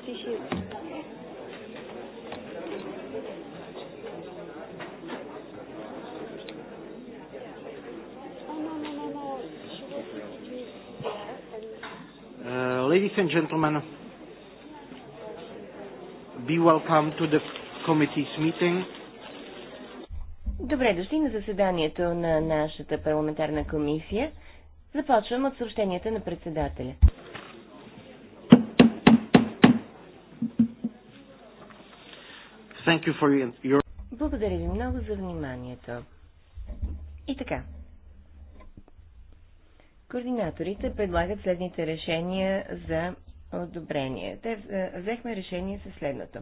appreciate Uh, ladies and gentlemen, be welcome to the committee's meeting. Добре дошли на заседанието на нашата парламентарна комисия. Започвам от съобщенията на председателя. Thank you for your... Благодаря ви много за вниманието. И така. Координаторите предлагат следните решения за одобрение. Те е, взехме решение със следното.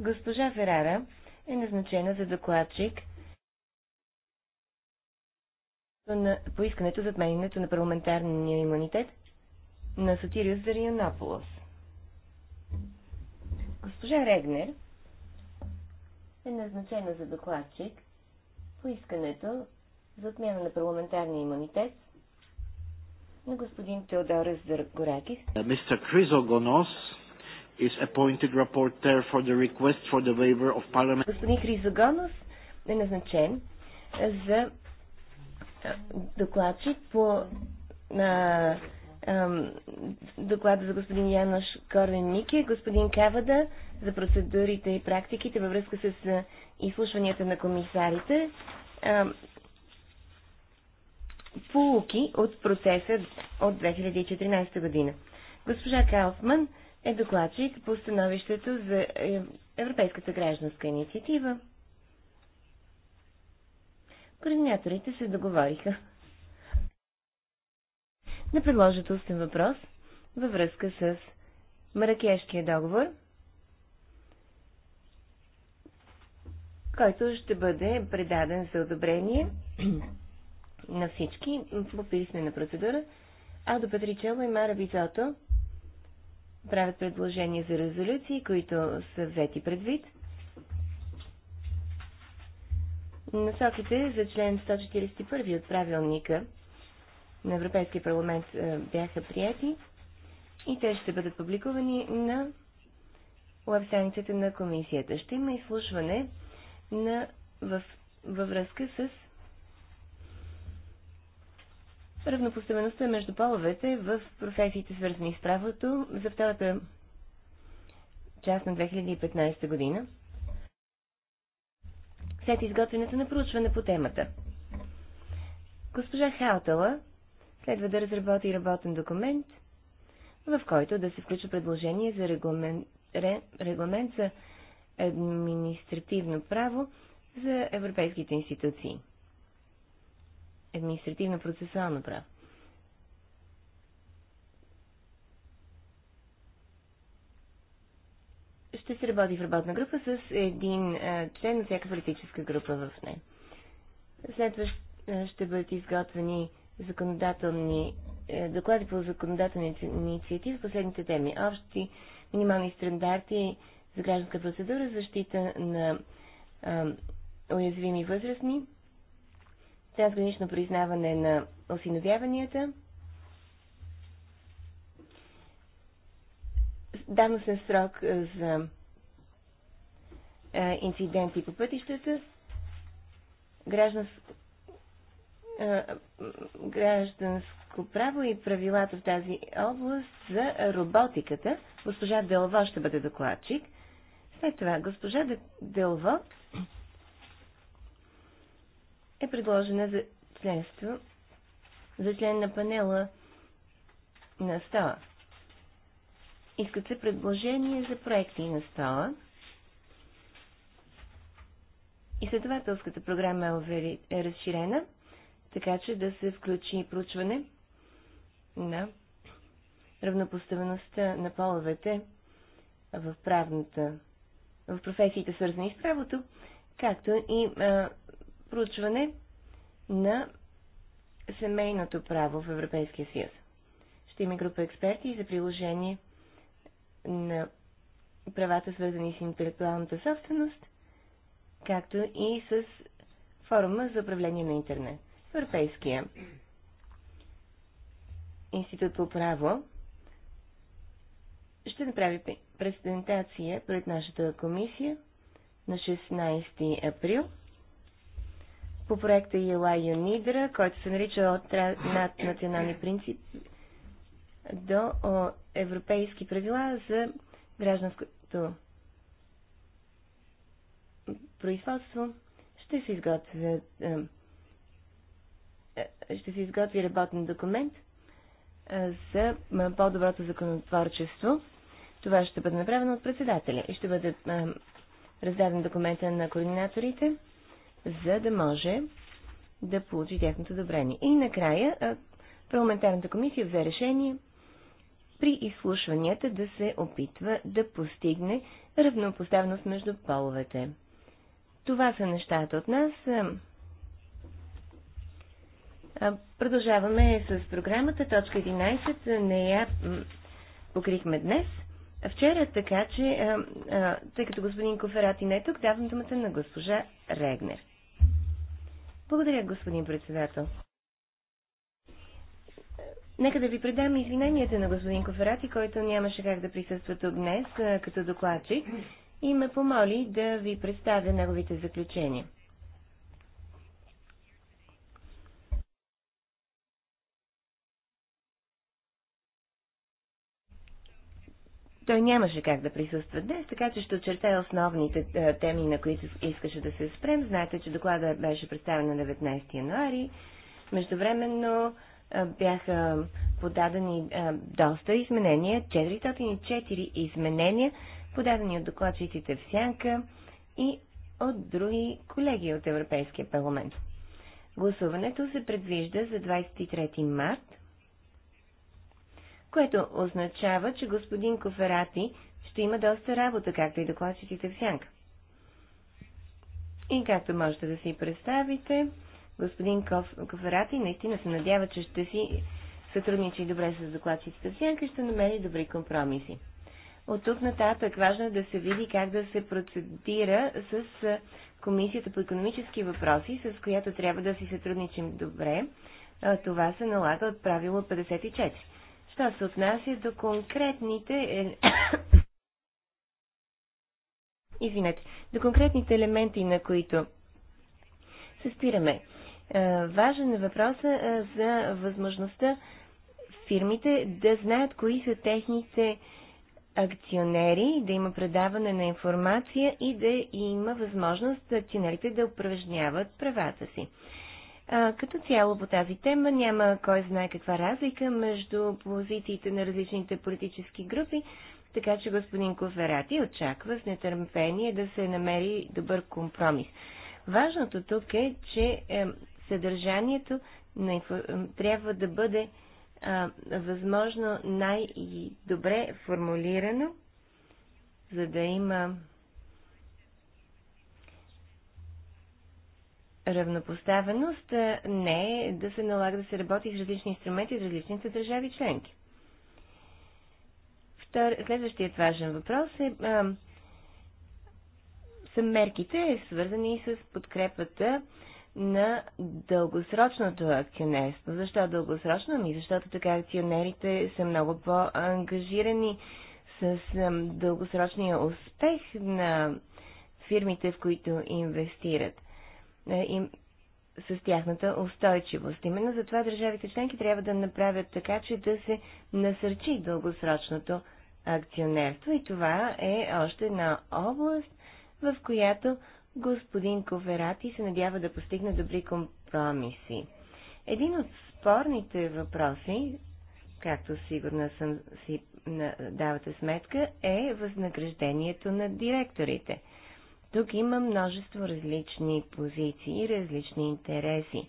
Госпожа Ферара е назначена за докладчик на поискането за отменянето на парламентарния имунитет на Сотириус Зарионополос. Госпожа Регнер е назначена за докладчик по искането за отмяна на парламентарния имунитет на господин Теодор Здъргоракис. Uh, Мистер Кризо Гонос is appointed rapporteur for the request for the waiver of parliament. Господин Хризо Гонос е назначен за докладчик по на доклада за господин Янош Корен Нике, господин Кавада за процедурите и практиките във връзка с изслушванията на комисарите, полуки от процеса от 2014 година. Госпожа Кауфман е докладчик по становището за е, Европейската гражданска инициатива. Координаторите се договориха да предложат устен въпрос във връзка с Маракешкия договор, който ще бъде предаден за одобрение на всички по писмена процедура, а до Патричело и Мара Бизото правят предложения за резолюции, които са взети предвид. Насоките за член 141 от правилника на Европейския парламент е, бяха прияти и те ще бъдат публикувани на веб на комисията. Ще има изслушване на, в, във връзка с равнопоставеността между половете в професиите, свързани с правото, за втората част на 2015 година, след изготвянето на проучване по темата. Госпожа Хаутала Следва да разработи работен документ, в който да се включи предложение за регламент, регламент за административно право за европейските институции. Административно-процесуално право. ще се работи в работна група с един е, член на всяка политическа група в нея. Следва е, ще бъдат изготвени законодателни е, доклади по законодателни инициативи в последните теми. Общи минимални стандарти за гражданска процедура, защита на а, уязвими възрастни, трансгранично признаване на осиновяванията, давностен срок е, за а, е, инциденти по пътищата, гражданска е, гражданско право и правилата в тази област за роботиката. Госпожа Делво ще бъде докладчик. След това госпожа Делво е предложена за членство, за член на панела на стола. Искат се предложения за проекти на стола. Изследователската програма е, е разширена така че да се включи проучване на равнопоставеността на половете в правната, в професиите свързани с правото, както и а, проучване на семейното право в Европейския съюз. Ще има група експерти за приложение на правата, свързани с интелектуалната собственост, както и с форума за управление на интернет. Европейския институт по право ще направи презентация пред нашата комисия на 16 април по проекта Ела Юнидра, който се нарича от наднационални принципи до европейски правила за гражданското производство. Ще се изготвят е, ще се изготви работен документ е, за по-доброто законотворчество. Това ще бъде направено от председателя и ще бъде раздаден документа на координаторите, за да може да получи тяхното одобрение. И накрая е, парламентарната комисия взе решение при изслушванията да се опитва да постигне равнопоставност между половете. Това са нещата от нас. Продължаваме с програмата. Точка 11 не я покрихме днес. Вчера, така че, тъй като господин Коферати не е тук, давам думата на госпожа Регнер. Благодаря, господин председател. Нека да ви предам извиненията на господин Коферати, който нямаше как да присъства тук днес като докладчик и ме помоли да ви представя неговите заключения. Той нямаше как да присъства днес, така че ще очертая основните е, теми, на които искаше да се спрем. Знаете, че доклада беше представен на 19 януари. Междувременно е, бяха подадени е, доста изменения, 404 изменения, подадени от докладчиците в Сянка и от други колеги от Европейския парламент. Гласуването се предвижда за 23 март което означава, че господин Коферати ще има доста работа, както и докладчиците в сянка. И както можете да си представите, господин Коф... Коферати наистина се надява, че ще си сътрудничи добре с докладчиците в сянка и ще намери добри компромиси. От тук нататък важно е да се види как да се процедира с Комисията по економически въпроси, с която трябва да си сътрудничим добре. Това се налага от правило 54. Що се отнася до конкретните е, извинете, до конкретните елементи, на които се спираме. Е, важен е въпроса е, за възможността фирмите да знаят кои са техните акционери, да има предаване на информация и да има възможност акционерите да упражняват правата си. Като цяло по тази тема няма кой знае каква разлика между позициите на различните политически групи, така че господин Коферати очаква с нетърпение да се намери добър компромис. Важното тук е, че е, съдържанието на инфо... Е, трябва да бъде а, е, възможно най-добре формулирано, за да има равнопоставеност не е да се налага да се работи с различни инструменти в различните държави членки. Втор... Следващият важен въпрос е а, са мерките, свързани с подкрепата на дългосрочното акционерство. Защо дългосрочно? Ами защото така акционерите са много по-ангажирани с дългосрочния успех на фирмите, в които инвестират. Е, им, с тяхната устойчивост. Именно затова държавите членки трябва да направят така, че да се насърчи дългосрочното акционерство. И това е още една област, в която господин Коферати се надява да постигне добри компромиси. Един от спорните въпроси, както сигурна съм си давате сметка, е възнаграждението на директорите – тук има множество различни позиции и различни интереси.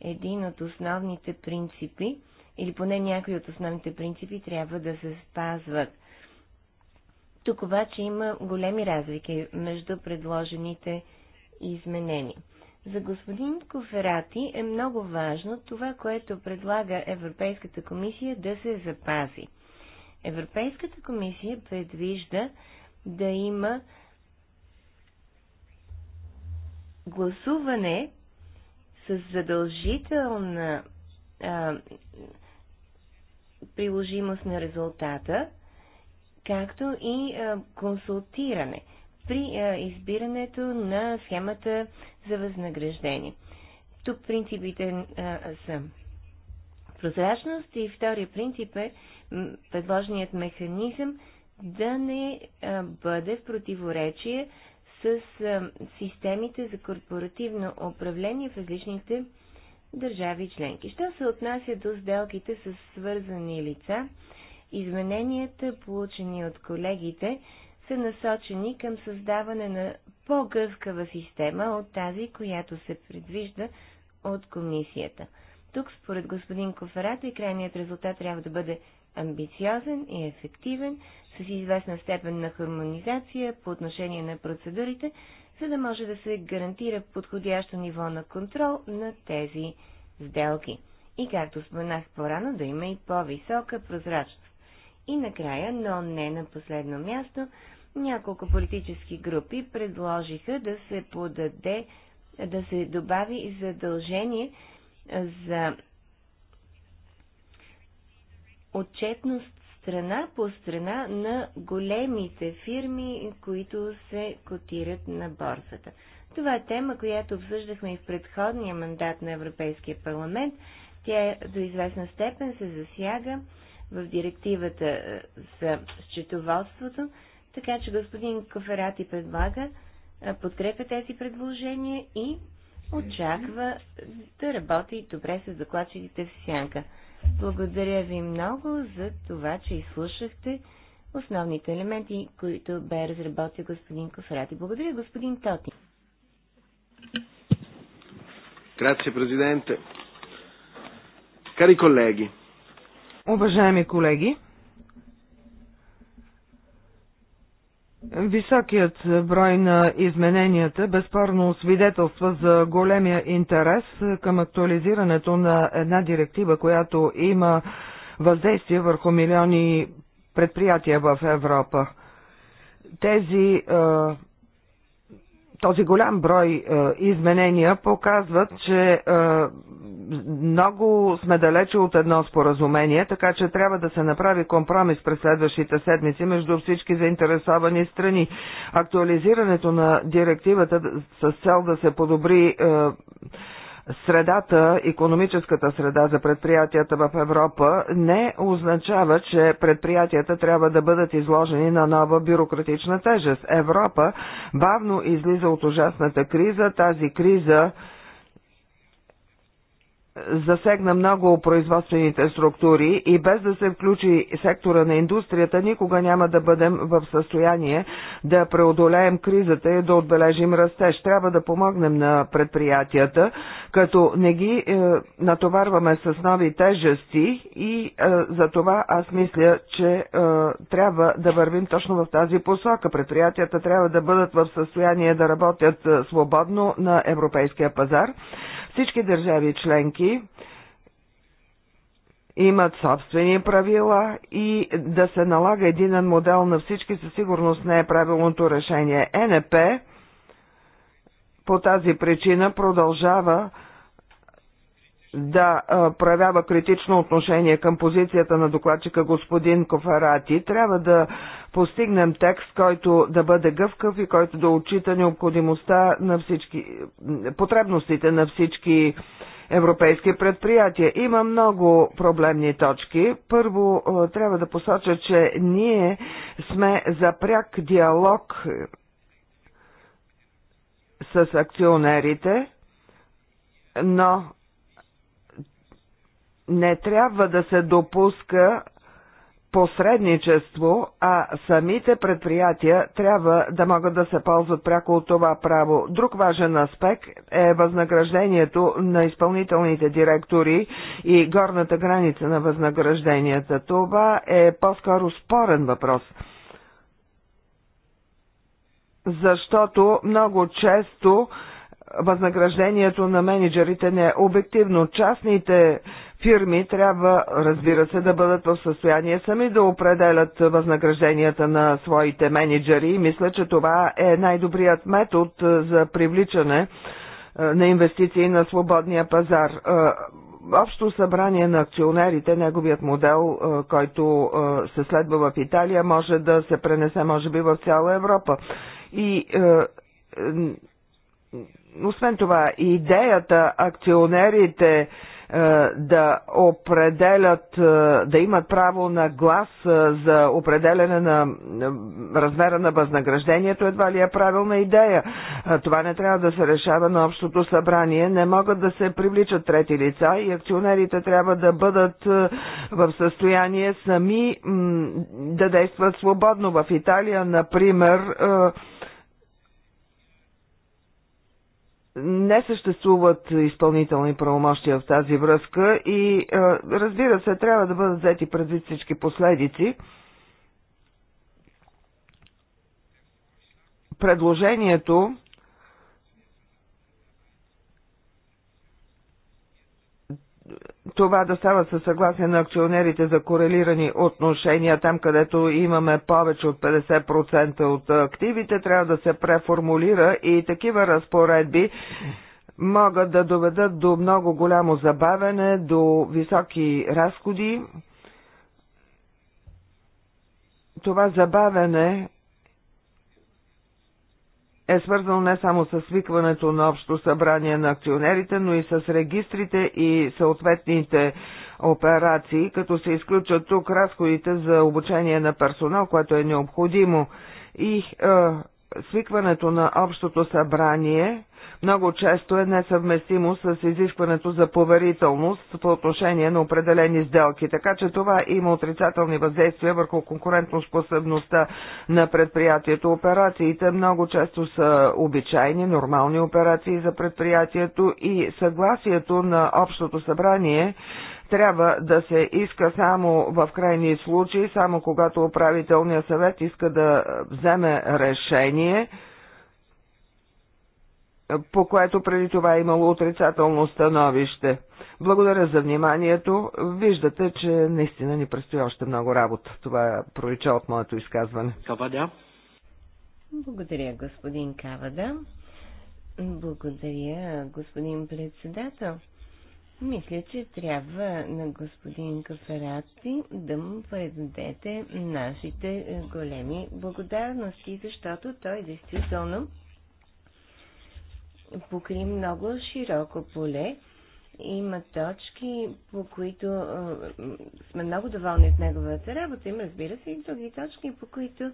Един от основните принципи, или поне някои от основните принципи, трябва да се спазват. Тук обаче има големи разлики между предложените изменения. За господин Коферати е много важно това, което предлага Европейската комисия да се запази. Европейската комисия предвижда да има гласуване с задължителна а, приложимост на резултата, както и а, консултиране при а, избирането на схемата за възнаграждение. Тук принципите а, са прозрачност и втория принцип е предложният механизъм да не а, бъде в противоречие с системите за корпоративно управление в различните държави членки. Що се отнася до сделките с свързани лица, измененията, получени от колегите, са насочени към създаване на по-гъвкава система от тази, която се предвижда от комисията. Тук, според господин Коферата, и крайният резултат трябва да бъде амбициозен и ефективен, с известна степен на хармонизация по отношение на процедурите, за да може да се гарантира подходящо ниво на контрол на тези сделки. И както споменах по-рано, да има и по-висока прозрачност. И накрая, но не на последно място, няколко политически групи предложиха да се подаде, да се добави задължение за отчетност страна по страна на големите фирми, които се котират на борсата. Това е тема, която обсъждахме и в предходния мандат на Европейския парламент. Тя е до известна степен се засяга в директивата е, за счетоводството, така че господин Коферати предлага, е, подкрепя тези предложения и очаква да работи добре с докладчиците в сянка. Благодаря ви много за това, че изслушахте основните елементи, които бе разработил господин Кофрати. Благодаря, господин Тоти. Грация, Президенте. Кари колеги. Уважаеми колеги, Високият брой на измененията безспорно свидетелства за големия интерес към актуализирането на една директива, която има въздействие върху милиони предприятия в Европа. Тези е, този голям брой е, изменения показват, че е, много сме далече от едно споразумение, така че трябва да се направи компромис през следващите седмици между всички заинтересовани страни. Актуализирането на директивата с цел да се подобри е, средата, економическата среда за предприятията в Европа не означава, че предприятията трябва да бъдат изложени на нова бюрократична тежест. Европа бавно излиза от ужасната криза. Тази криза засегна много производствените структури и без да се включи сектора на индустрията, никога няма да бъдем в състояние да преодолеем кризата и да отбележим растеж. Трябва да помогнем на предприятията, като не ги е, натоварваме с нови тежести и е, за това аз мисля, че е, трябва да вървим точно в тази посока. Предприятията трябва да бъдат в състояние да работят е, свободно на европейския пазар всички държави членки имат собствени правила и да се налага единен модел на всички със сигурност не е правилното решение. Е НП по тази причина продължава да проявява критично отношение към позицията на докладчика господин Кофарати. Трябва да постигнем текст, който да бъде гъвкав и който да отчита необходимостта на всички, потребностите на всички европейски предприятия. Има много проблемни точки. Първо, трябва да посоча, че ние сме за пряк диалог с акционерите, но не трябва да се допуска посредничество, а самите предприятия трябва да могат да се ползват пряко от това право. Друг важен аспект е възнаграждението на изпълнителните директори и горната граница на възнагражденията. Това е по-скоро спорен въпрос. Защото много често възнаграждението на менеджерите не е обективно. Частните фирми трябва, разбира се, да бъдат в състояние сами да определят възнагражденията на своите менеджери. Мисля, че това е най-добрият метод е, за привличане е, на инвестиции на свободния пазар. Е, общо събрание на акционерите, неговият модел, който се следва в Италия, може да се пренесе, може би, в цяла Европа. И освен това, идеята акционерите е, да определят, е, да имат право на глас е, за определене на размера на възнаграждението, едва ли е правилна идея. Това не трябва да се решава на общото събрание. Не могат да се привличат трети лица и акционерите трябва да бъдат в състояние сами да действат свободно. В Италия, например, не съществуват изпълнителни правомощия в тази връзка и е, разбира се, трябва да бъдат взети предвид всички последици. Предложението това да става със съгласие на акционерите за корелирани отношения, там където имаме повече от 50% от активите, трябва да се преформулира и такива разпоредби могат да доведат до много голямо забавене, до високи разходи. Това забавене е свързано не само с свикването на общо събрание на акционерите, но и с регистрите и съответните операции, като се изключат тук разходите за обучение на персонал, което е необходимо. И е, свикването на общото събрание много често е несъвместимо с изискването за поверителност по отношение на определени сделки, така че това има отрицателни въздействия върху конкурентоспособността на предприятието. Операциите много често са обичайни, нормални операции за предприятието и съгласието на общото събрание трябва да се иска само в крайни случаи, само когато управителният съвет иска да вземе решение, по което преди това е имало отрицателно становище. Благодаря за вниманието. Виждате, че наистина ни предстои още много работа. Това пролича от моето изказване. Кавада. Благодаря, господин Кавада. Благодаря, господин председател. Мисля, че трябва на господин Кафарати да му предадете нашите е, големи благодарности, защото той действително покри много широко поле. Има точки, по които е, сме много доволни от неговата работа. Има, разбира се, и други точки, по които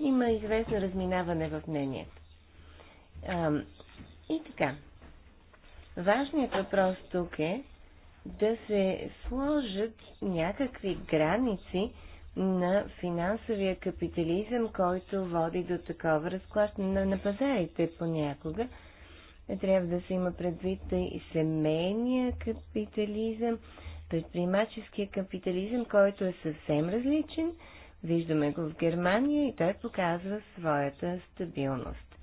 има известно разминаване в мнението. Е, и така, Важният въпрос тук е да се сложат някакви граници на финансовия капитализъм, който води до такова разклащане на пазарите понякога. Трябва да се има предвид и семейния капитализъм, предприемаческия капитализъм, който е съвсем различен. Виждаме го в Германия и той показва своята стабилност.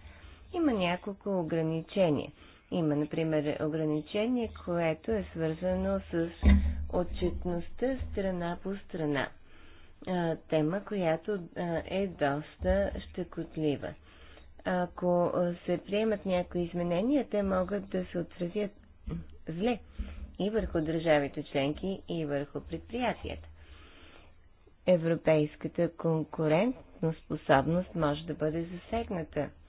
Има няколко ограничения – има, например, ограничение, което е свързано с отчетността страна по страна. Тема, която е доста щекотлива. Ако се приемат някои изменения, те могат да се отразят зле и върху държавите членки, и върху предприятията. Европейската конкурентна способност може да бъде засегната –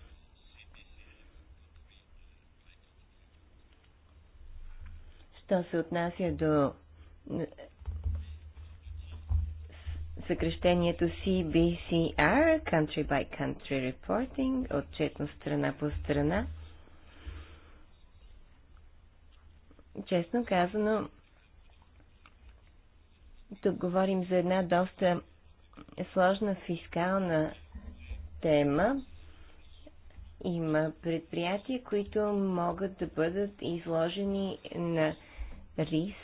Що се отнася до съкрещението CBCR, Country by Country Reporting, отчетно страна по страна. Честно казано, тук говорим за една доста сложна фискална тема. Има предприятия, които могат да бъдат изложени на риск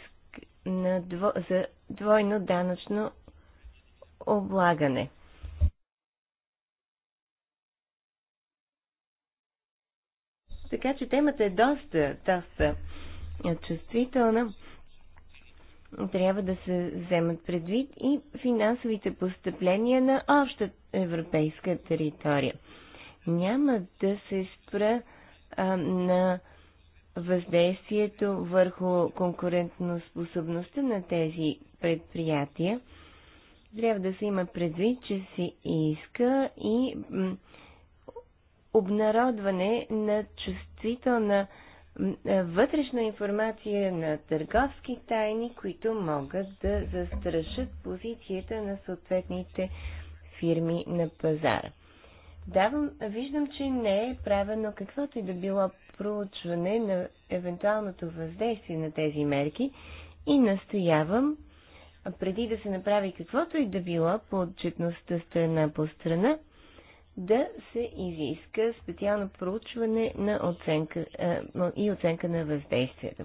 на дво, за двойно данъчно облагане. Така че темата е доста, доста чувствителна. Трябва да се вземат предвид и финансовите постъпления на обща европейска територия. Няма да се спра а, на въздействието върху конкурентоспособността на тези предприятия, трябва да се има предвид, че се иска и обнародване на чувствителна е, вътрешна информация на търговски тайни, които могат да застрашат позицията на съответните фирми на пазара. Давам, виждам, че не е правено каквото и да било проучване на евентуалното въздействие на тези мерки и настоявам, преди да се направи каквото и да било по отчетността страна по страна, да се изиска специално проучване на оценка, а, и оценка на въздействието.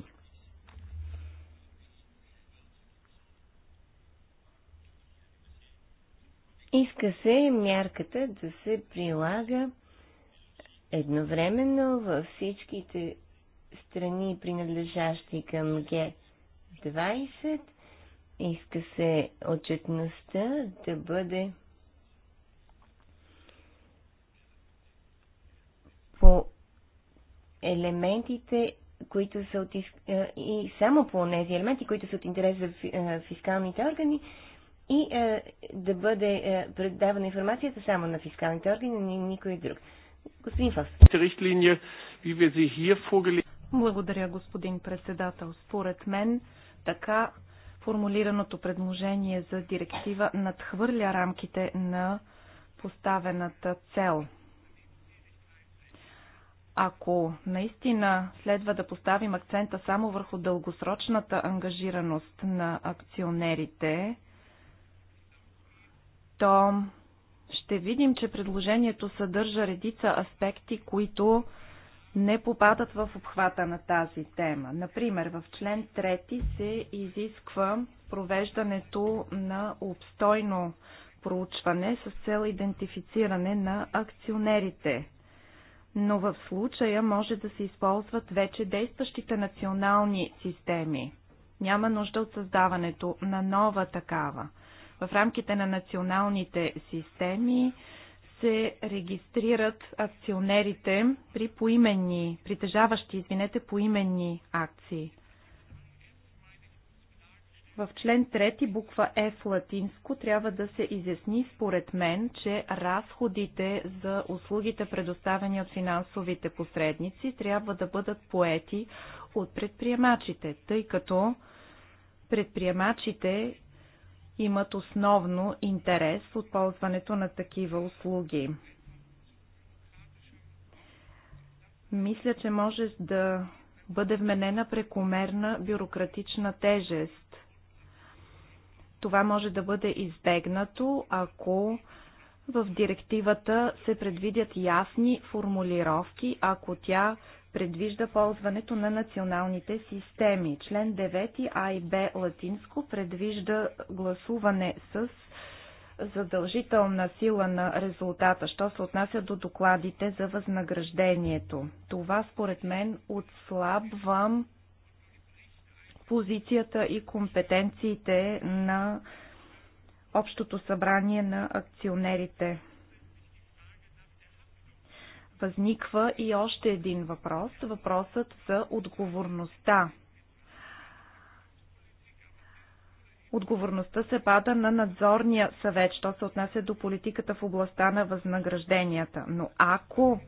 Иска се мярката да се прилага Едновременно във всичките страни, принадлежащи към Г20, иска се отчетността да бъде по елементите, които са от, е, и само по тези елементи, които са от интерес за е, фискалните органи и е, да бъде предавана информацията само на фискалните органи, ни никой друг. Господин Фас. Благодаря, господин председател. Според мен, така формулираното предложение за директива надхвърля рамките на поставената цел. Ако наистина следва да поставим акцента само върху дългосрочната ангажираност на акционерите, то ще видим, че предложението съдържа редица аспекти, които не попадат в обхвата на тази тема. Например, в член 3 се изисква провеждането на обстойно проучване с цел идентифициране на акционерите. Но в случая може да се използват вече действащите национални системи. Няма нужда от създаването на нова такава в рамките на националните системи се регистрират акционерите при поименни, притежаващи, извинете, поименни акции. В член 3 буква е в латинско трябва да се изясни според мен, че разходите за услугите предоставени от финансовите посредници трябва да бъдат поети от предприемачите, тъй като предприемачите имат основно интерес от ползването на такива услуги. Мисля, че може да бъде вменена прекомерна бюрократична тежест. Това може да бъде избегнато, ако в директивата се предвидят ясни формулировки, ако тя предвижда ползването на националните системи. Член 9 А и Б латинско предвижда гласуване с задължителна сила на резултата, що се отнася до докладите за възнаграждението. Това според мен отслабва позицията и компетенциите на Общото събрание на акционерите възниква и още един въпрос въпросът за отговорността. Отговорността се пада на надзорния съвет, що се отнася до политиката в областта на възнагражденията. Но ако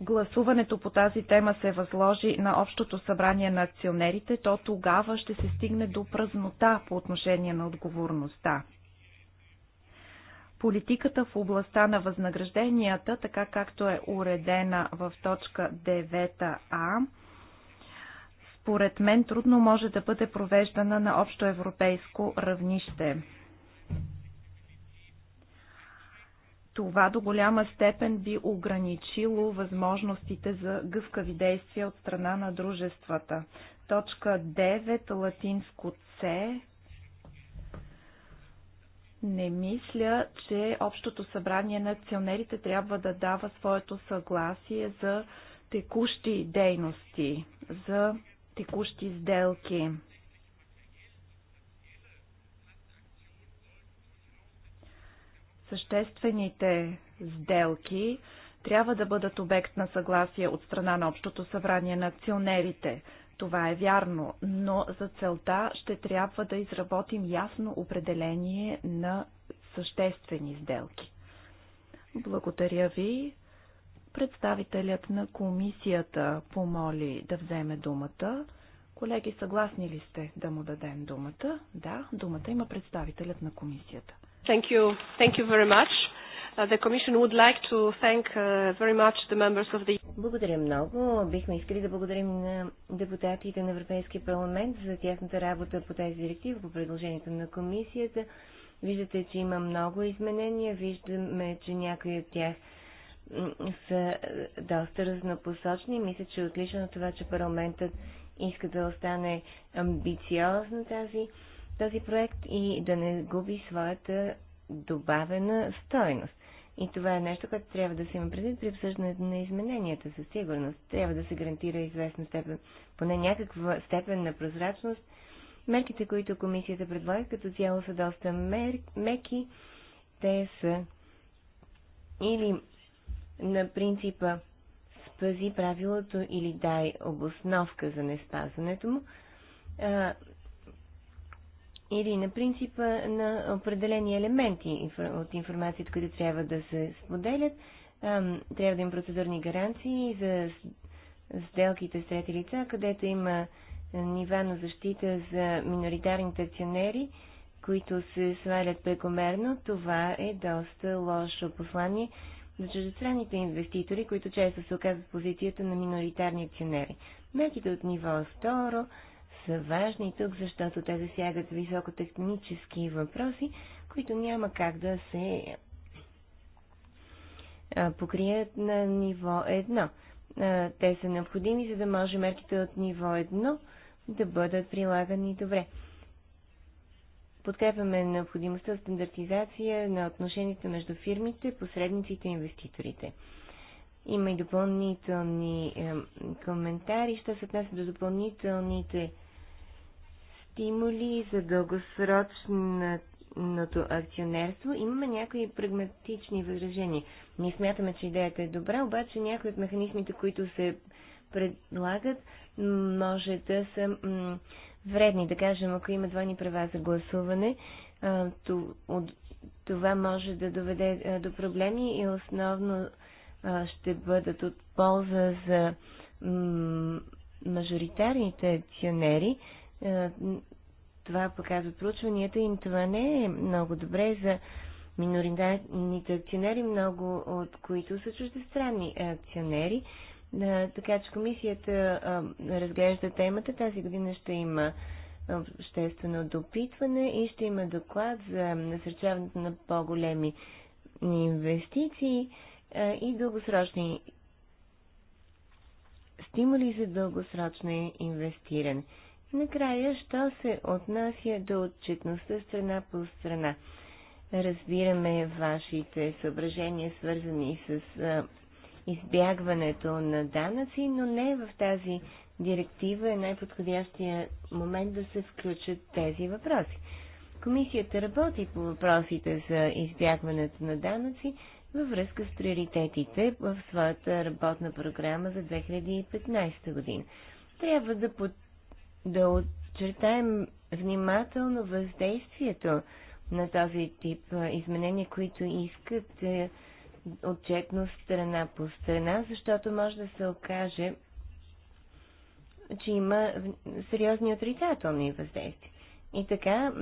гласуването по тази тема се възложи на Общото събрание на акционерите, то тогава ще се стигне до празнота по отношение на отговорността. Политиката в областта на възнагражденията, така както е уредена в точка 9а, според мен трудно може да бъде провеждана на общо европейско равнище. Това до голяма степен би ограничило възможностите за гъвкави действия от страна на дружествата. Точка 9, латинско С, не мисля, че Общото събрание на акционерите трябва да дава своето съгласие за текущи дейности, за текущи сделки. Съществените сделки трябва да бъдат обект на съгласие от страна на Общото събрание на акционерите – това е вярно, но за целта ще трябва да изработим ясно определение на съществени сделки. Благодаря ви. Представителят на комисията помоли да вземе думата. Колеги, съгласни ли сте да му дадем думата? Да, думата има представителят на комисията. Thank you. Thank you very much. Uh, the Commission would like to thank uh, very much the members of the... Благодаря много. Бихме искали да благодарим на депутатите на Европейския парламент за тяхната работа по тази директива, по предложението на комисията. Виждате, че има много изменения. Виждаме, че някои от тях са е, доста разнопосочни. Мисля, че е отлично това, че парламентът иска да остане амбициозен тази, този проект и да не губи своята добавена стойност. И това е нещо, което трябва да се има предвид при обсъждането на измененията със сигурност. Трябва да се гарантира известна степен, поне някаква степен на прозрачност. Мерките, които комисията предлага като цяло са доста мер... меки. Те са или на принципа спази правилото или дай обосновка за неспазването му, или на принципа на определени елементи от информацията, които трябва да се споделят. Трябва да има процедурни гаранции за сделките с трети лица, където има е, нива на защита за миноритарните акционери, които се свалят прекомерно. Това е доста лошо послание за чуждестранните инвеститори, които често се оказват в позицията на миноритарни акционери. Мерките от ниво второ са важни тук, защото те засягат високотехнически въпроси, които няма как да се покрият на ниво 1. Те са необходими, за да може мерките от ниво 1 да бъдат прилагани добре. Подкрепяме необходимостта от стандартизация на отношенията между фирмите, посредниците и инвеститорите. Има и допълнителни е, коментари, що се отнася до допълнителните стимули за дългосрочното акционерство. Имаме някои прагматични възражения. Ние смятаме, че идеята е добра, обаче някои от механизмите, които се предлагат, може да са вредни. Да кажем, ако има двойни права за гласуване, това може да доведе до проблеми и основно ще бъдат от полза за мажоритарните акционери, е, това показва проучванията им. Това не е много добре за миноритарните акционери, много от които са чуждестранни акционери. Е, така че комисията е, разглежда темата. Тази година ще има обществено допитване и ще има доклад за насърчаването на по-големи инвестиции и дългосрочни стимули за дългосрочно инвестиране. Накрая, що се отнася до отчетността страна по страна? Разбираме вашите съображения, свързани с а, избягването на данъци, но не в тази директива е най-подходящия момент да се включат тези въпроси. Комисията работи по въпросите за избягването на данъци във връзка с приоритетите в своята работна програма за 2015 година. Трябва да под да отчертаем внимателно въздействието на този тип изменения, които искат отчетно страна по страна, защото може да се окаже, че има сериозни отрицателни въздействия. И така,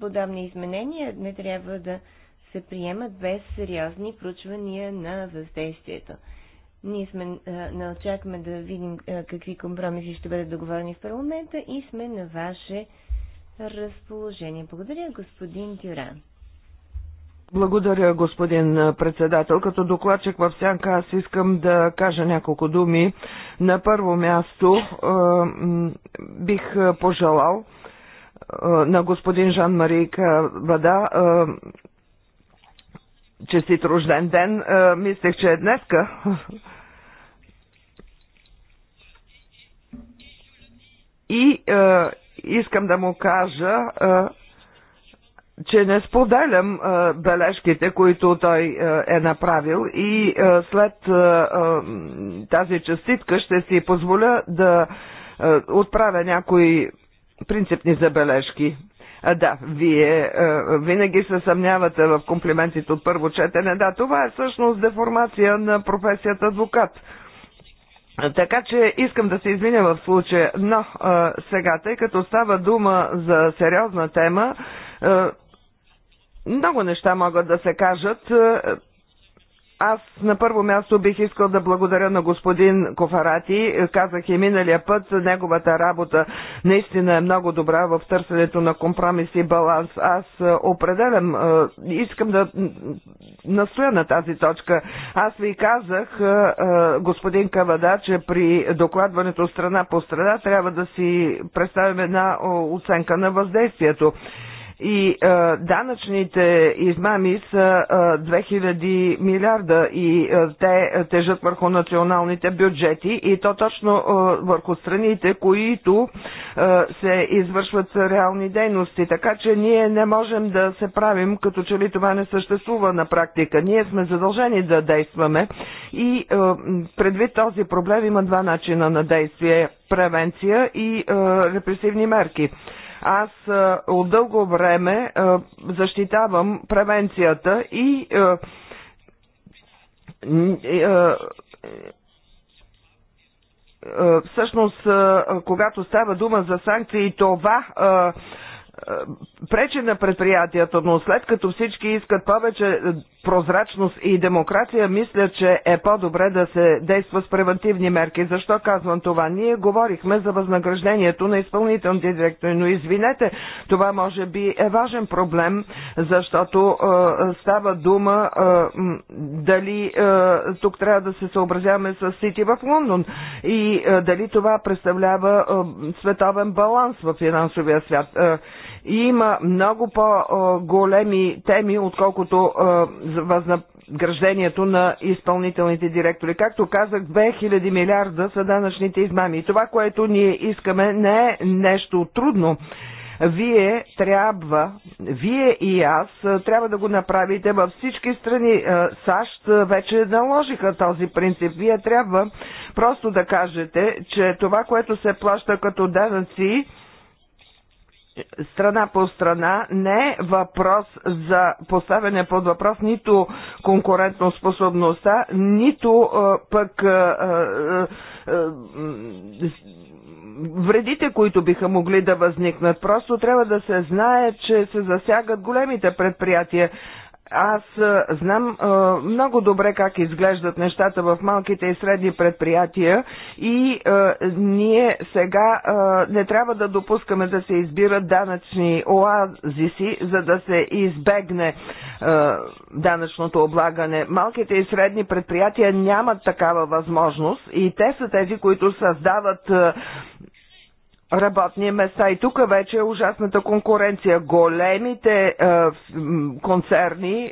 подобни изменения не трябва да се приемат без сериозни проучвания на въздействието. Ние сме е, на очакваме да видим е, какви компромиси ще бъдат договорени в парламента и сме на ваше разположение. Благодаря, господин Тюран. Благодаря, господин председател. Като докладчик в сянка аз искам да кажа няколко думи. На първо място е, бих пожелал е, на господин Жан-Мари Кавада е, Честит рожден ден. Е, мислех, че е днеска. И е, искам да му кажа, е, че не споделям а, бележките, които той а, е направил и а, след а, а, тази частитка ще си позволя да а, отправя някои принципни забележки. Да, вие винаги се съмнявате в комплиментите от първо четене. Да, това е всъщност деформация на професията адвокат. Така че искам да се извиня в случая, но а, сега, тъй като става дума за сериозна тема, а, много неща могат да се кажат. А, аз на първо място бих искал да благодаря на господин Кофарати. Казах и миналия път, неговата работа наистина е много добра в търсенето на компромис и баланс. Аз е, определям, е, искам да настоя на тази точка. Аз ви казах, е, господин Кавада, че при докладването страна по страна трябва да си представим една оценка на въздействието и а, е, данъчните измами са а, е, 2000 милиарда и а, е, те тежат върху националните бюджети и то точно а, върху страните, които а, се извършват реални дейности. Така че ние не можем да се правим като че ли това не съществува на практика. Ние сме задължени да действаме и а, предвид този проблем има два начина на действие превенция и е, репресивни мерки. Аз е, от дълго време е, защитавам превенцията и е, всъщност, когато става дума за санкции, това пречи на предприятията, но след като всички искат повече прозрачност и демокрация, мисля, че е по-добре да се действа с превентивни мерки. Защо казвам това? Ние говорихме за възнаграждението на изпълнителните директори, но извинете, това може би е важен проблем, защото е, става дума е, дали е, тук трябва да се съобразяваме с Сити в Лондон и е, дали това представлява е, световен баланс в финансовия свят. Е, има много по-големи теми, отколкото възнаграждението на изпълнителните директори. Както казах, 2000 милиарда са данъчните измами. И това, което ние искаме, не е нещо трудно вие трябва, вие и аз, трябва да го направите във всички страни. САЩ вече наложиха този принцип. Вие трябва просто да кажете, че това, което се плаща като данъци, страна по страна не е въпрос за поставяне под въпрос нито конкурентно способността, нито е, пък е, е, вредите, които биха могли да възникнат. Просто трябва да се знае, че се засягат големите предприятия. Аз знам много добре как изглеждат нещата в малките и средни предприятия и ние сега не трябва да допускаме да се избират данъчни оазиси, за да се избегне данъчното облагане. Малките и средни предприятия нямат такава възможност и те са тези, които създават работни места. И тук вече е ужасната конкуренция. Големите е, концерни, е,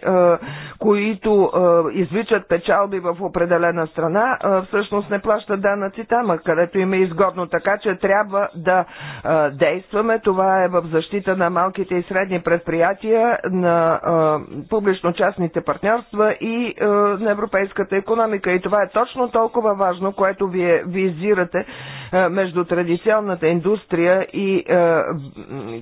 които е, извичат печалби в определена страна, е, всъщност не плащат данъци там, където им е изгодно. Така че трябва да е, действаме. Това е в защита на малките и средни предприятия, на е, публично-частните партньорства и е, на европейската економика. И това е точно толкова важно, което вие визирате е, между традиционната индустрия индустрия и е,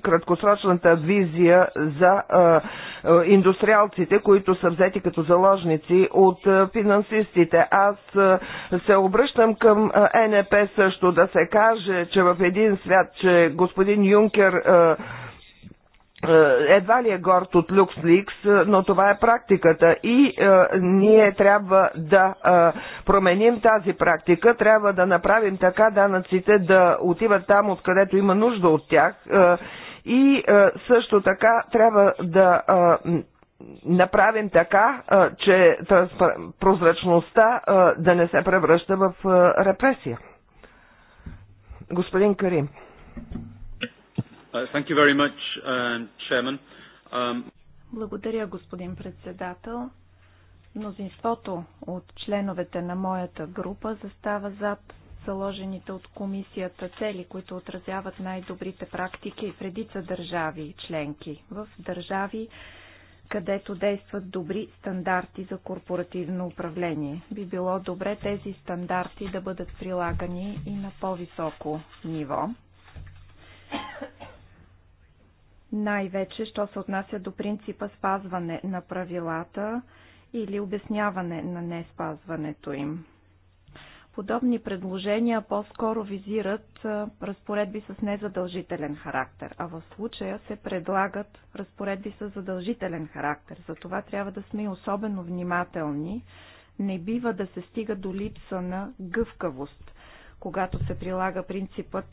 краткосрочната визия за е, е, индустриалците, които са взети като заложници от финансистите. Аз се обръщам към НП също да се каже, че в един свят, че господин Юнкер е, едва ли е горд от LuxLeaks, е, но това е практиката и е, ние трябва да е, променим тази практика, трябва да направим така данъците да отиват там, откъдето има нужда от тях е, и е, също така трябва да е, направим така, е, че прозрачността е, да не се превръща в е, репресия. Господин Карим. Uh, thank you very much, uh, Chairman. Um, Благодаря, господин председател. Мнозинството от членовете на моята група застава зад заложените от комисията цели, които отразяват най-добрите практики в редица държави и членки. В държави, където действат добри стандарти за корпоративно управление. Би било добре тези стандарти да бъдат прилагани и на по-високо ниво най-вече, що се отнася до принципа спазване на правилата или обясняване на неспазването им. Подобни предложения по-скоро визират разпоредби с незадължителен характер, а в случая се предлагат разпоредби с задължителен характер. Затова трябва да сме особено внимателни. Не бива да се стига до липса на гъвкавост, когато се прилага принципът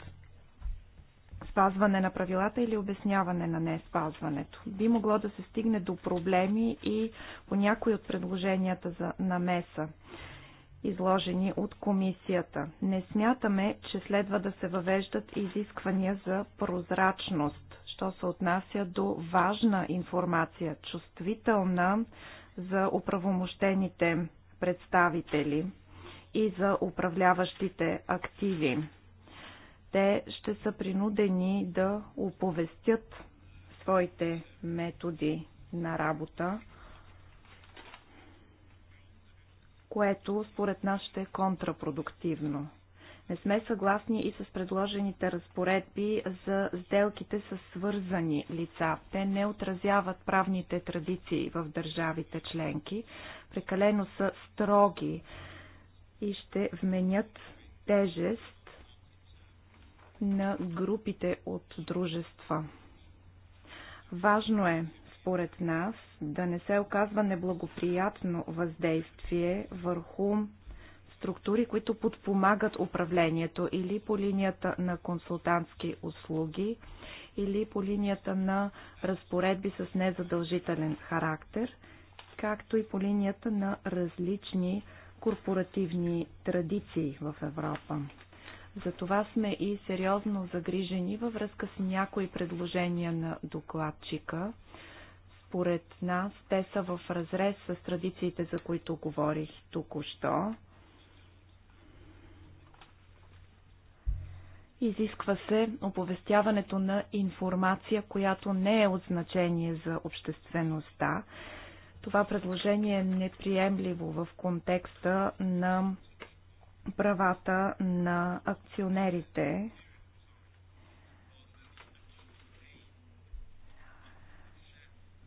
спазване на правилата или обясняване на не спазването. Би могло да се стигне до проблеми и по някои от предложенията за намеса изложени от комисията. Не смятаме, че следва да се въвеждат изисквания за прозрачност, що се отнася до важна информация, чувствителна за управомощените представители и за управляващите активи те ще са принудени да оповестят своите методи на работа, което според нас ще е контрапродуктивно. Не сме съгласни и с предложените разпоредби за сделките с свързани лица. Те не отразяват правните традиции в държавите членки, прекалено са строги и ще вменят тежест на групите от дружества. Важно е, според нас, да не се оказва неблагоприятно въздействие върху структури, които подпомагат управлението или по линията на консултантски услуги, или по линията на разпоредби с незадължителен характер, както и по линията на различни корпоративни традиции в Европа. Затова сме и сериозно загрижени във връзка с някои предложения на докладчика. Според нас те са в разрез с традициите, за които говорих току-що. Изисква се оповестяването на информация, която не е от значение за обществеността. Това предложение е неприемливо в контекста на правата на акционерите.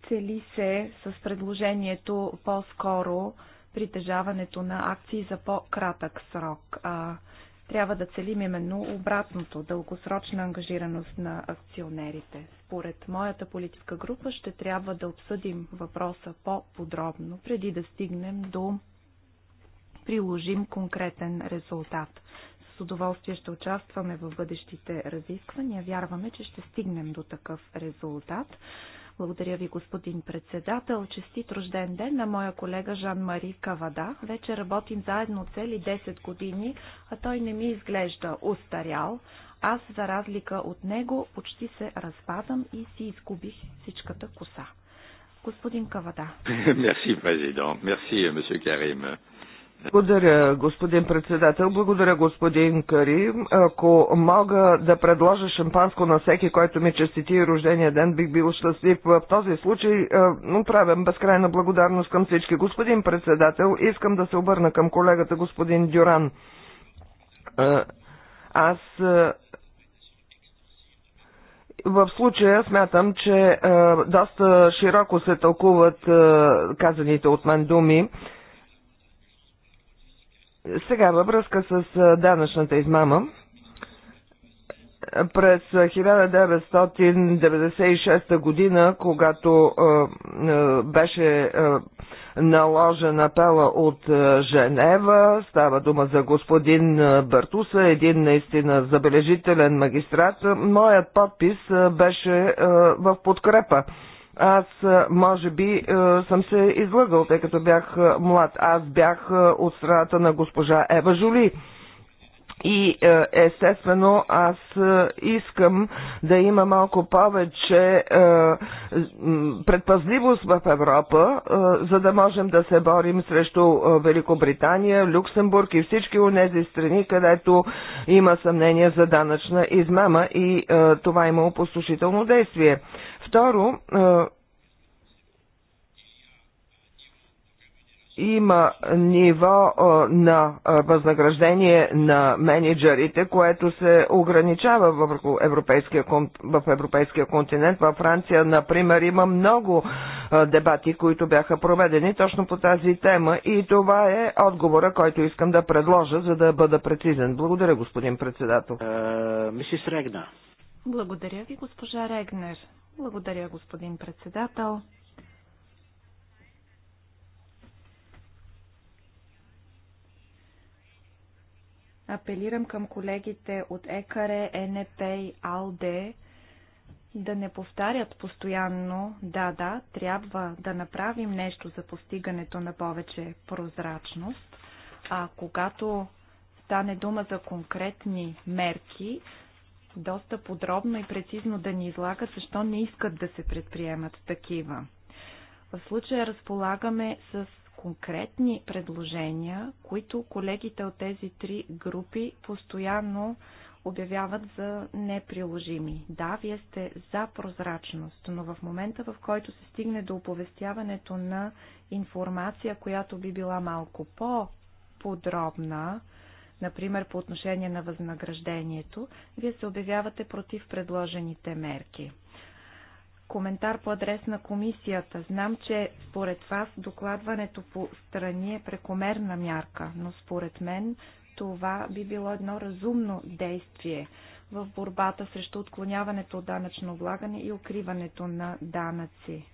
Цели се с предложението по-скоро притежаването на акции за по-кратък срок. А, трябва да целим именно обратното дългосрочна ангажираност на акционерите. Според моята политическа група ще трябва да обсъдим въпроса по-подробно, преди да стигнем до приложим конкретен резултат. С удоволствие ще участваме в бъдещите разисквания. Вярваме, че ще стигнем до такъв резултат. Благодаря ви, господин председател. Честит рожден ден на моя колега Жан-Мари Кавада. Вече работим заедно цели 10 години, а той не ми изглежда устарял. Аз, за разлика от него, почти се разпадам и си изгубих всичката коса. Господин Кавада. Мерси, президент. Мерси, месье Карим. Благодаря, господин председател. Благодаря, господин Карим. Ако мога да предложа шампанско на всеки, който ми честити рождения ден, бих бил щастлив. В този случай е, правям безкрайна благодарност към всички. Господин председател, искам да се обърна към колегата господин Дюран. Е, аз е, в случая смятам, че доста широко се тълкуват казаните от мен думи. Сега във връзка с данъчната измама, през 1996 година, когато е, беше е, наложен апела от Женева, става дума за господин Бартуса, един наистина забележителен магистрат, моят подпис беше в подкрепа аз, може би, съм се излагал, тъй като бях млад. Аз бях от страната на госпожа Ева Жули. И е, естествено аз е, искам да има малко повече е, предпазливост в Европа, за да можем да се борим срещу Великобритания, Люксембург и всички тези страни, където има съмнение за данъчна измама и това има опустошително действие. Второ, има ниво на възнаграждение на менеджерите, което се ограничава в европейския, в европейския континент. Във Франция, например, има много дебати, които бяха проведени точно по тази тема и това е отговора, който искам да предложа, за да бъда прецизен. Благодаря, господин председател. Е, мисис Регна. Благодаря ви, госпожа Регнер. Благодаря, господин председател. апелирам към колегите от ЕКАРЕ, НП и АЛДЕ да не повтарят постоянно «да, да, трябва да направим нещо за постигането на повече прозрачност», а когато стане дума за конкретни мерки, доста подробно и прецизно да ни излагат защо не искат да се предприемат такива. В случая разполагаме с конкретни предложения, които колегите от тези три групи постоянно обявяват за неприложими. Да, вие сте за прозрачност, но в момента, в който се стигне до оповестяването на информация, която би била малко по-подробна, например по отношение на възнаграждението, вие се обявявате против предложените мерки коментар по адрес на комисията. Знам, че според вас докладването по страни е прекомерна мярка, но според мен това би било едно разумно действие в борбата срещу отклоняването от данъчно облагане и укриването на данъци.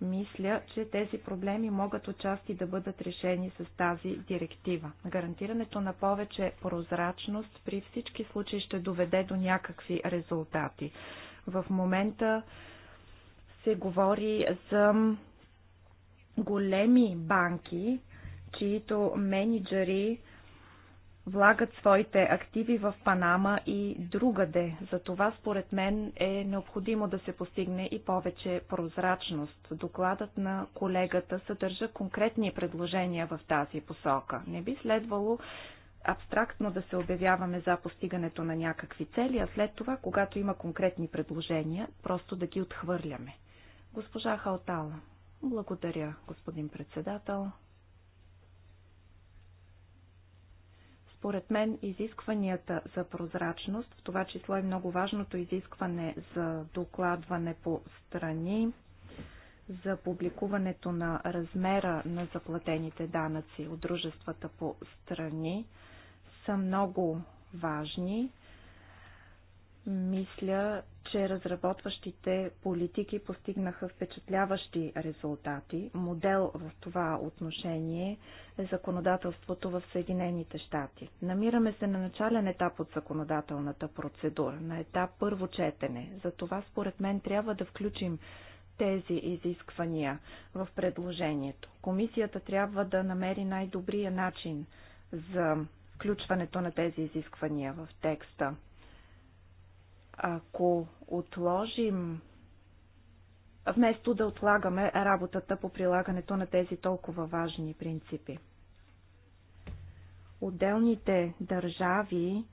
Мисля, че тези проблеми могат отчасти да бъдат решени с тази директива. Гарантирането на повече прозрачност при всички случаи ще доведе до някакви резултати. В момента се говори за големи банки, чието менеджери влагат своите активи в Панама и другаде. За това, според мен, е необходимо да се постигне и повече прозрачност. Докладът на колегата съдържа конкретни предложения в тази посока. Не би следвало абстрактно да се обявяваме за постигането на някакви цели, а след това, когато има конкретни предложения, просто да ги отхвърляме. Госпожа Халтала. Благодаря, господин председател. Според мен изискванията за прозрачност, в това число е много важното изискване за докладване по страни, за публикуването на размера на заплатените данъци от дружествата по страни, са много важни. Мисля, че разработващите политики постигнаха впечатляващи резултати. Модел в това отношение е законодателството в Съединените щати. Намираме се на начален етап от законодателната процедура, на етап първо четене. За това, според мен, трябва да включим тези изисквания в предложението. Комисията трябва да намери най-добрия начин за включването на тези изисквания в текста. Ако отложим вместо да отлагаме работата по прилагането на тези толкова важни принципи. Отделните държави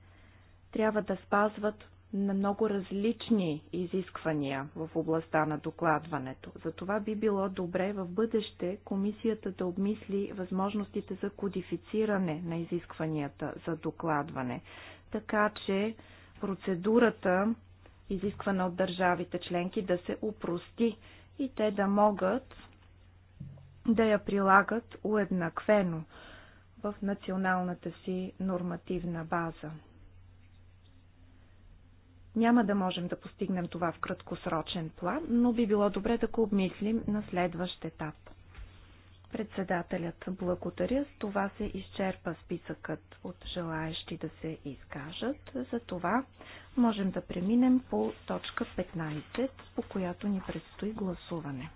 трябва да спазват на много различни изисквания в областта на докладването. Затова би било добре в бъдеще комисията да обмисли възможностите за кодифициране на изискванията за докладване, така че процедурата, изисквана от държавите членки, да се упрости и те да могат да я прилагат уеднаквено в националната си нормативна база. Няма да можем да постигнем това в краткосрочен план, но би било добре да го обмислим на следващ етап. Председателят благодаря. С това се изчерпа списъкът от желаящи да се изкажат. За това можем да преминем по точка 15, по която ни предстои гласуване.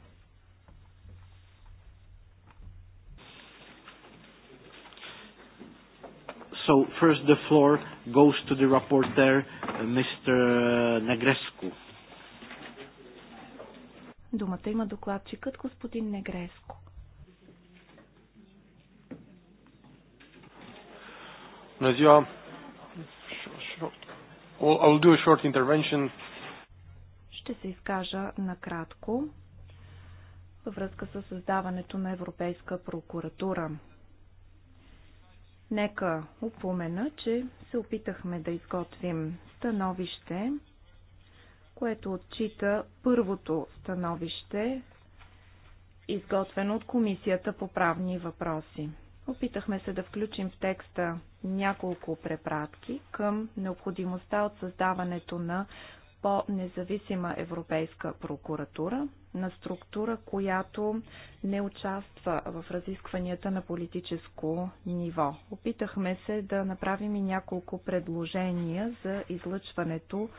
So first the floor goes to the reporter, Mr. Negrescu. Думата има докладчикът господин Негреско. Bună ziua! I'll do a short intervention. Ще се изкажа накратко във връзка с създаването на Европейска прокуратура. Нека упомена, че се опитахме да изготвим становище, което отчита първото становище, изготвено от Комисията по правни въпроси. Опитахме се да включим в текста няколко препратки към необходимостта от създаването на по-независима Европейска прокуратура, на структура, която не участва в разискванията на политическо ниво. Опитахме се да направим и няколко предложения за излъчването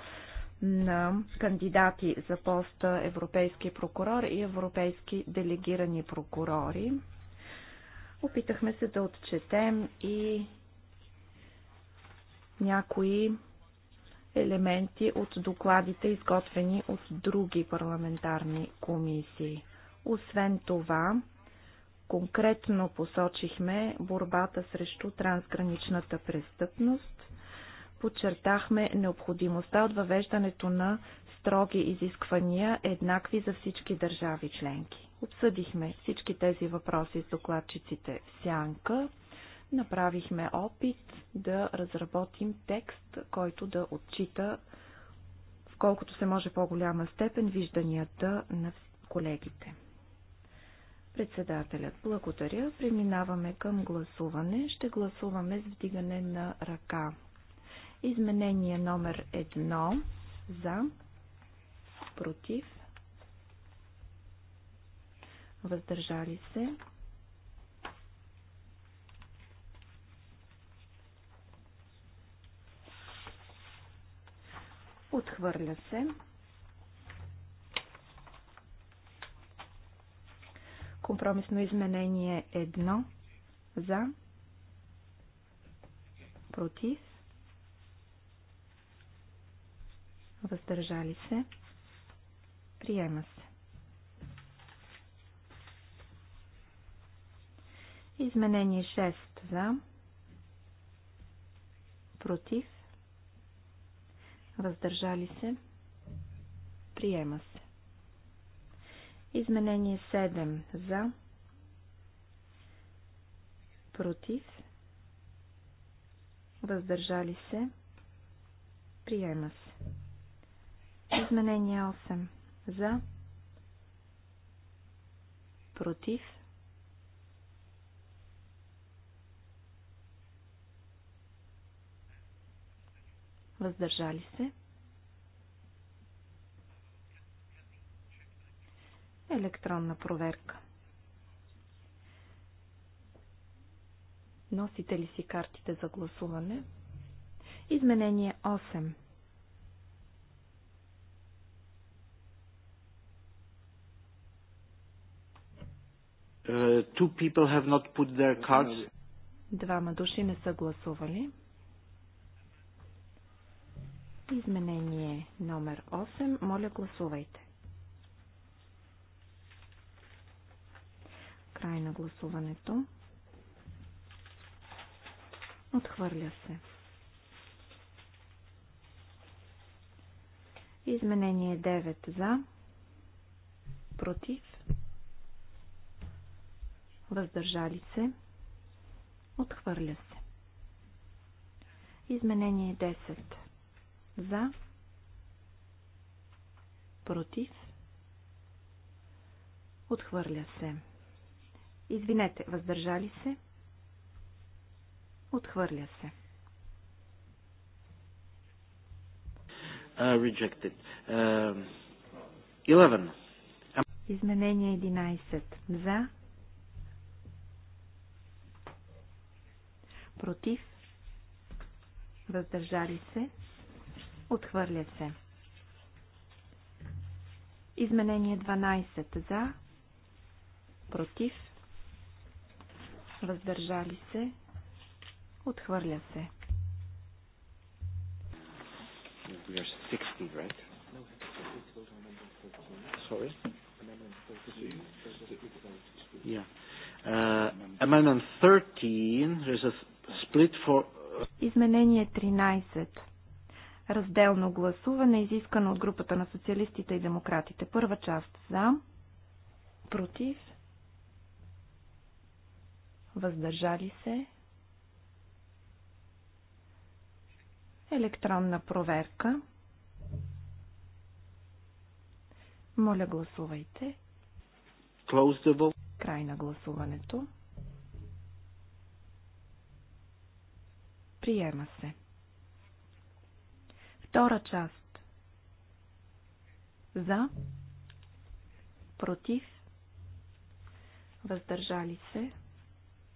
на кандидати за поста европейски прокурор и европейски делегирани прокурори. Опитахме се да отчетем и някои елементи от докладите, изготвени от други парламентарни комисии. Освен това, конкретно посочихме борбата срещу трансграничната престъпност, подчертахме необходимостта от въвеждането на строги изисквания, еднакви за всички държави членки. Обсъдихме всички тези въпроси с докладчиците в Сянка направихме опит да разработим текст, който да отчита в колкото се може по-голяма степен вижданията на колегите. Председателят, благодаря. Преминаваме към гласуване. Ще гласуваме с вдигане на ръка. Изменение номер 1 за, против, въздържали се, Отхвърля се. Компромисно изменение 1 за, против, въздържали се, приема се. Изменение 6 за, против, въздържали се, приема се. Изменение 7 за, против, въздържали се, приема се. Изменение 8 за, против, въздържали се. Електронна проверка. Носите ли си картите за гласуване? Изменение 8. Uh, two people have not put their cards. Двама души не са гласували. Изменение номер 8. Моля, гласувайте. Край на гласуването. Отхвърля се. Изменение 9 за. Против. Въздържали се. Отхвърля се. Изменение 10 за. Против. Отхвърля се. Извинете, въздържали се. Отхвърля се. Uh, rejected. Uh, um, 11. Изменение 11. За. Против. Въздържали се. Отхвърля се. Изменение 12 за, против, въздържали се, отхвърля се. Uh, Изменение 13 разделно гласуване, изискано от групата на социалистите и демократите. Първа част за, против, въздържали се, електронна проверка. Моля гласувайте. Край на гласуването. Приема се. Втора част. За. Против. Въздържали се.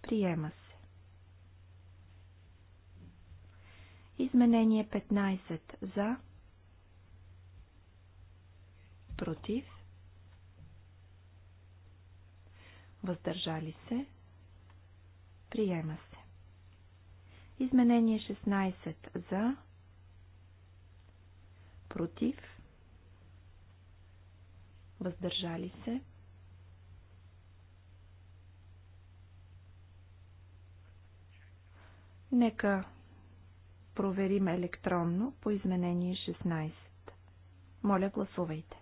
Приема се. Изменение 15 за против въздържали се приема се. Изменение 16 за против, въздържали се. Нека проверим електронно по изменение 16. Моля, гласувайте.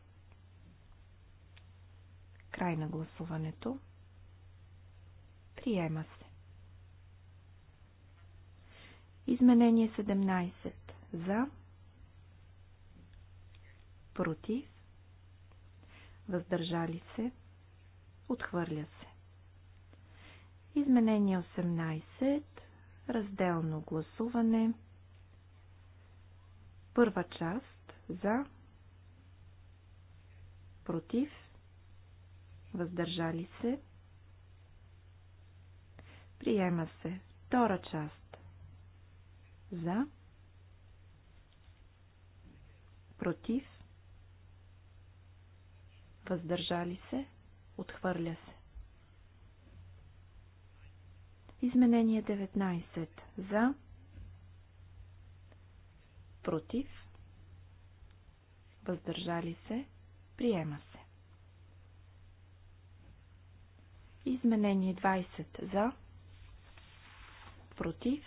Край на гласуването. Приема се. Изменение 17. За против, въздържали се, отхвърля се. Изменение 18, разделно гласуване, първа част за, против, въздържали се, приема се, втора част за, против, въздържали се, отхвърля се. Изменение 19. За. Против. Въздържали се. Приема се. Изменение 20. За. Против.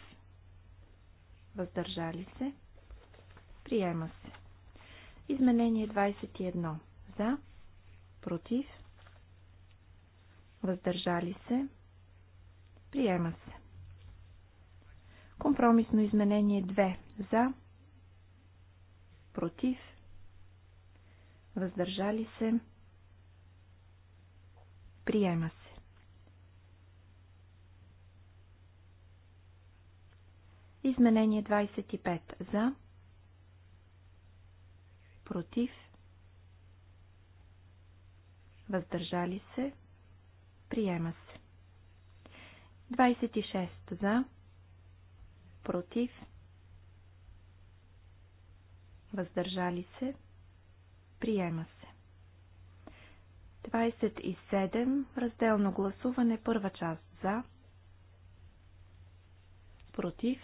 Въздържали се. Приема се. Изменение 21. За против, въздържали се, приема се. Компромисно изменение 2 за, против, въздържали се, приема се. Изменение 25 за, против, въздържали се, приема се. 26 за, против, въздържали се, приема се. 27. Разделно гласуване. Първа част за. Против.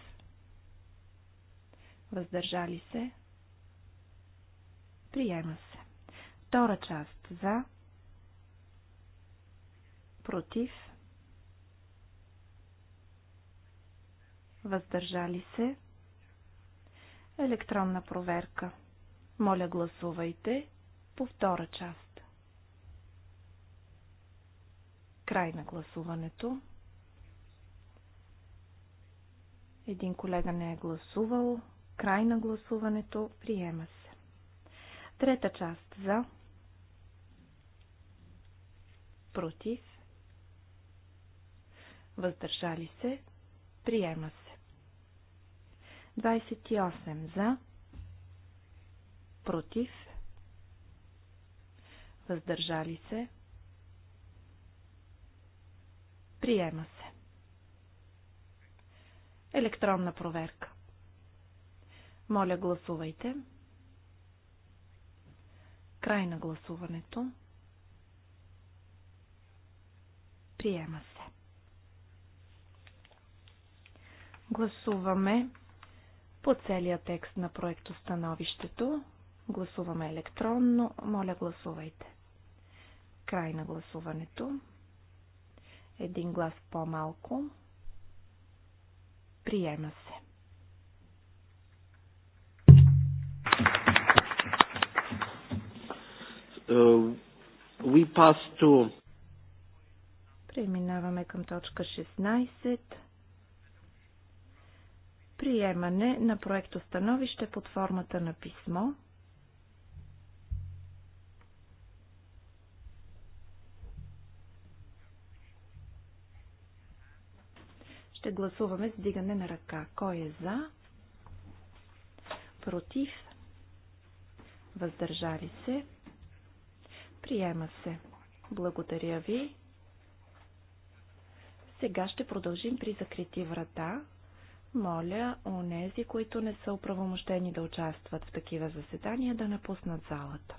Въздържали се. Приема се. Втора част за против, въздържали се, електронна проверка. Моля гласувайте по втора част. Край на гласуването. Един колега не е гласувал. Край на гласуването. Приема се. Трета част за. Против въздържали се, приема се. 28 за, против, въздържали се, приема се. Електронна проверка. Моля, гласувайте. Край на гласуването. Приема се. Гласуваме по целия текст на проектостановището. Гласуваме електронно. Моля, гласувайте. Край на гласуването. Един глас по-малко. Приема се. Uh, we pass to... Преминаваме към точка 16 приемане на проектостановище под формата на писмо. Ще гласуваме с дигане на ръка. Кой е за? Против? Въздържали се? Приема се. Благодаря ви. Сега ще продължим при закрити врата. Моля, онези, които не са оправомощени да участват в такива заседания, да напуснат залата.